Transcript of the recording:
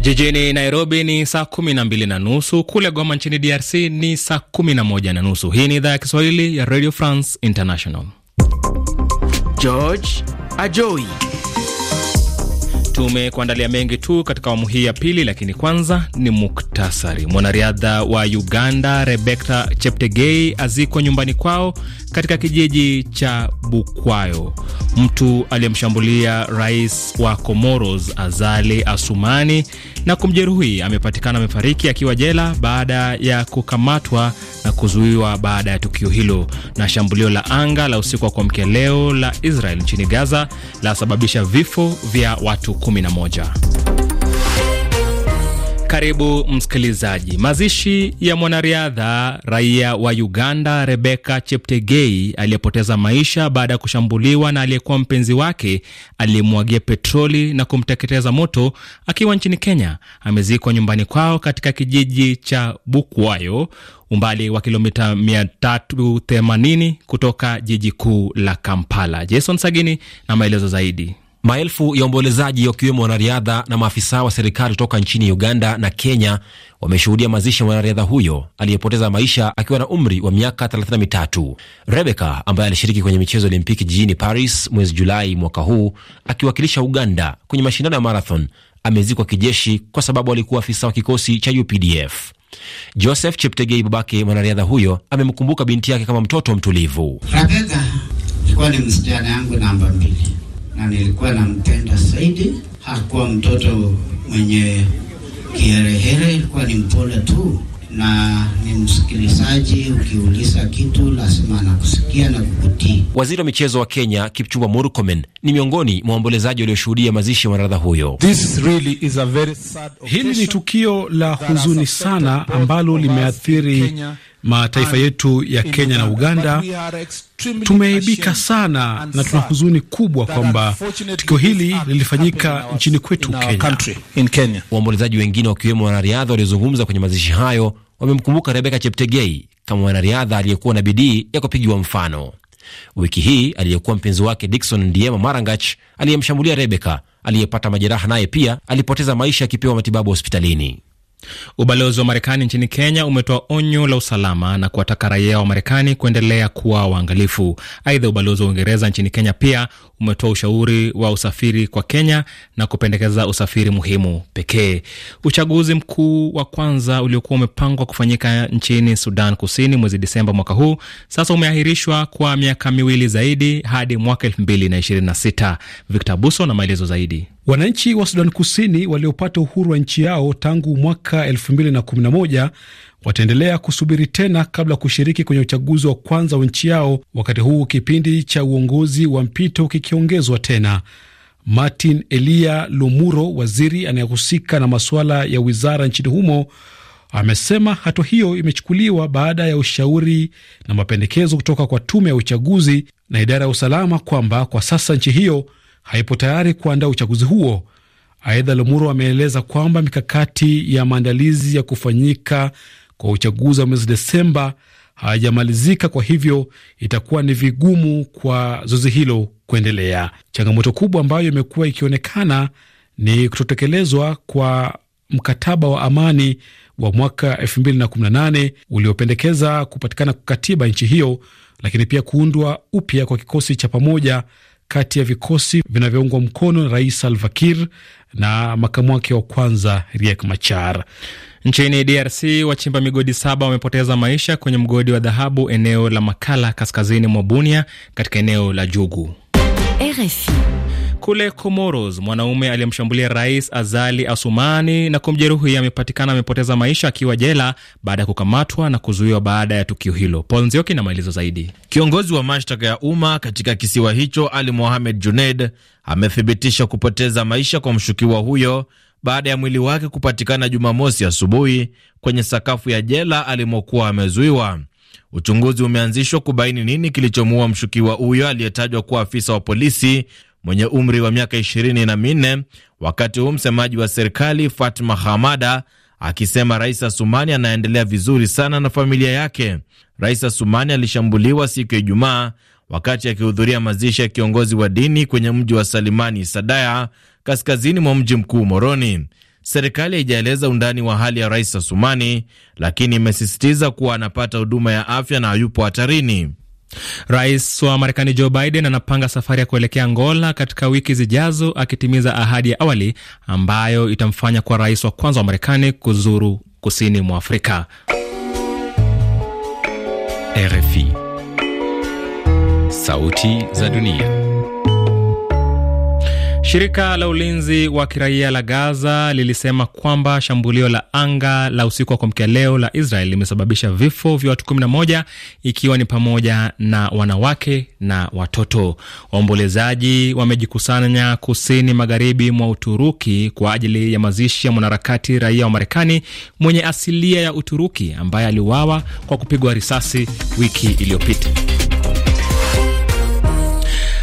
Jijini Nairobi ni saa kumi na mbili na nusu. Kule Goma nchini DRC ni saa kumi na moja na nusu. Hii ni idhaa ya Kiswahili ya Radio France International. George Ajoi Tumekuandalia mengi tu katika awamu hii ya pili, lakini kwanza ni muktasari. Mwanariadha wa Uganda Rebecca Cheptegei azikwa nyumbani kwao katika kijiji cha Bukwayo. Mtu aliyemshambulia rais wa Comoros Azali Asumani na kumjeruhi amepatikana amefariki akiwa jela baada ya kukamatwa kuzuiwa baada ya tukio hilo. Na shambulio la anga la usiku wa kuamkia leo la Israel nchini Gaza lasababisha vifo vya watu 11. Karibu msikilizaji. Mazishi ya mwanariadha raia wa Uganda Rebeka Cheptegei aliyepoteza maisha baada ya kushambuliwa na aliyekuwa mpenzi wake aliyemwagia petroli na kumteketeza moto akiwa nchini Kenya amezikwa nyumbani kwao katika kijiji cha Bukwayo, umbali wa kilomita 380 kutoka jiji kuu la Kampala. Jason Sagini na maelezo zaidi. Maelfu ya waombolezaji wakiwemo wanariadha na maafisa wa serikali kutoka nchini Uganda na Kenya wameshuhudia mazishi ya mwanariadha huyo aliyepoteza maisha akiwa na umri wa miaka 33. Rebecca ambaye alishiriki kwenye michezo ya Olimpiki jijini Paris mwezi Julai mwaka huu akiwakilisha Uganda kwenye mashindano ya marathon amezikwa kijeshi kwa sababu alikuwa afisa wa kikosi cha UPDF. Joseph Cheptegei, babake mwanariadha huyo, amemkumbuka binti yake kama mtoto mtulivu. ni msichana yangu namba mbili na nilikuwa nampenda zaidi. Hakuwa mtoto mwenye kiherehere, ilikuwa ni mpole tu na ni msikilizaji. Ukiuliza kitu lazima anakusikia na kukutii. Waziri wa michezo wa Kenya Kipchumba Murkomen ni miongoni mwa waombolezaji walioshuhudia mazishi ya mwanariadha huyo. Really hili ni tukio la huzuni sana ambalo limeathiri Kenya mataifa yetu ya Kenya na Uganda. Tumeaibika sana na tuna huzuni kubwa kwamba tukio hili lilifanyika nchini kwetu Kenya. Waombolezaji wengine wakiwemo wanariadha waliozungumza kwenye mazishi hayo wamemkumbuka Rebeka Cheptegei kama mwanariadha aliyekuwa na bidii ya kupigiwa mfano. Wiki hii aliyekuwa mpenzi wake dikson Ndiema Marangach aliyemshambulia Rebeka aliyepata majeraha naye pia alipoteza maisha akipewa matibabu hospitalini. Ubalozi wa Marekani nchini Kenya umetoa onyo la usalama na kuwataka raia wa Marekani kuendelea kuwa waangalifu. Aidha, ubalozi wa Uingereza nchini Kenya pia umetoa ushauri wa usafiri kwa Kenya na kupendekeza usafiri muhimu pekee. Uchaguzi mkuu wa kwanza uliokuwa umepangwa kufanyika nchini Sudan Kusini mwezi Disemba mwaka huu sasa umeahirishwa kwa miaka miwili zaidi hadi mwaka elfu mbili na ishirini na sita. Victor Buso na maelezo zaidi. Wananchi wa Sudan Kusini waliopata uhuru wa nchi yao tangu mwaka 2011 wataendelea kusubiri tena kabla ya kushiriki kwenye uchaguzi wa kwanza wa nchi yao, wakati huu kipindi cha uongozi wa mpito kikiongezwa tena. Martin Elia Lumuro, waziri anayehusika na masuala ya wizara nchini humo, amesema hatua hiyo imechukuliwa baada ya ushauri na mapendekezo kutoka kwa tume ya uchaguzi na idara ya usalama kwamba kwa sasa nchi hiyo haipo tayari kuandaa uchaguzi huo. Aidha, Lomuro ameeleza kwamba mikakati ya maandalizi ya kufanyika kwa uchaguzi wa mwezi Desemba hayajamalizika, kwa hivyo itakuwa ni vigumu kwa zoezi hilo kuendelea. Changamoto kubwa ambayo imekuwa ikionekana ni kutotekelezwa kwa mkataba wa amani wa mwaka 2018 uliopendekeza kupatikana kwa katiba nchi hiyo, lakini pia kuundwa upya kwa kikosi cha pamoja kati ya vikosi vinavyoungwa mkono na Rais Salva Kiir na makamu wake wa kwanza Riek Machar. Nchini DRC wachimba migodi saba wamepoteza maisha kwenye mgodi wa dhahabu eneo la Makala kaskazini mwa Bunia katika eneo la Jugu. RFI kule Comoros, mwanaume aliyemshambulia Rais Azali Asumani na kumjeruhi amepatikana amepoteza maisha akiwa jela baada ya kukamatwa na kuzuiwa baada ya tukio hilo. Paul Nzioki na maelezo zaidi. Kiongozi wa mashtaka ya umma katika kisiwa hicho Ali Mohamed juned amethibitisha kupoteza maisha kwa mshukiwa huyo baada ya mwili wake kupatikana Jumamosi asubuhi kwenye sakafu ya jela alimokuwa amezuiwa. Uchunguzi umeanzishwa kubaini nini kilichomuua mshukiwa huyo aliyetajwa kuwa afisa wa polisi mwenye umri wa miaka ishirini na minne, wakati huu msemaji wa serikali Fatma Hamada akisema Rais Asumani anaendelea vizuri sana na familia yake. Rais Asumani alishambuliwa siku ya Ijumaa wakati akihudhuria mazishi ya kiongozi wa dini kwenye mji wa Salimani Sadaya, kaskazini mwa mji mkuu Moroni. Serikali haijaeleza undani wa hali ya Rais Asumani, lakini imesisitiza kuwa anapata huduma ya afya na hayupo hatarini. Rais wa Marekani Joe Biden anapanga safari ya kuelekea Angola katika wiki zijazo, akitimiza ahadi ya awali ambayo itamfanya kuwa rais wa kwanza wa Marekani kuzuru kusini mwa Afrika. RFI, Sauti za Dunia. Shirika la ulinzi wa kiraia la Gaza lilisema kwamba shambulio la anga la usiku wa kuamkia leo la Israel limesababisha vifo vya watu 11 ikiwa ni pamoja na wanawake na watoto. Waombolezaji wamejikusanya kusini magharibi mwa Uturuki kwa ajili ya mazishi ya mwanaharakati raia wa Marekani mwenye asilia ya Uturuki ambaye aliuawa kwa kupigwa risasi wiki iliyopita.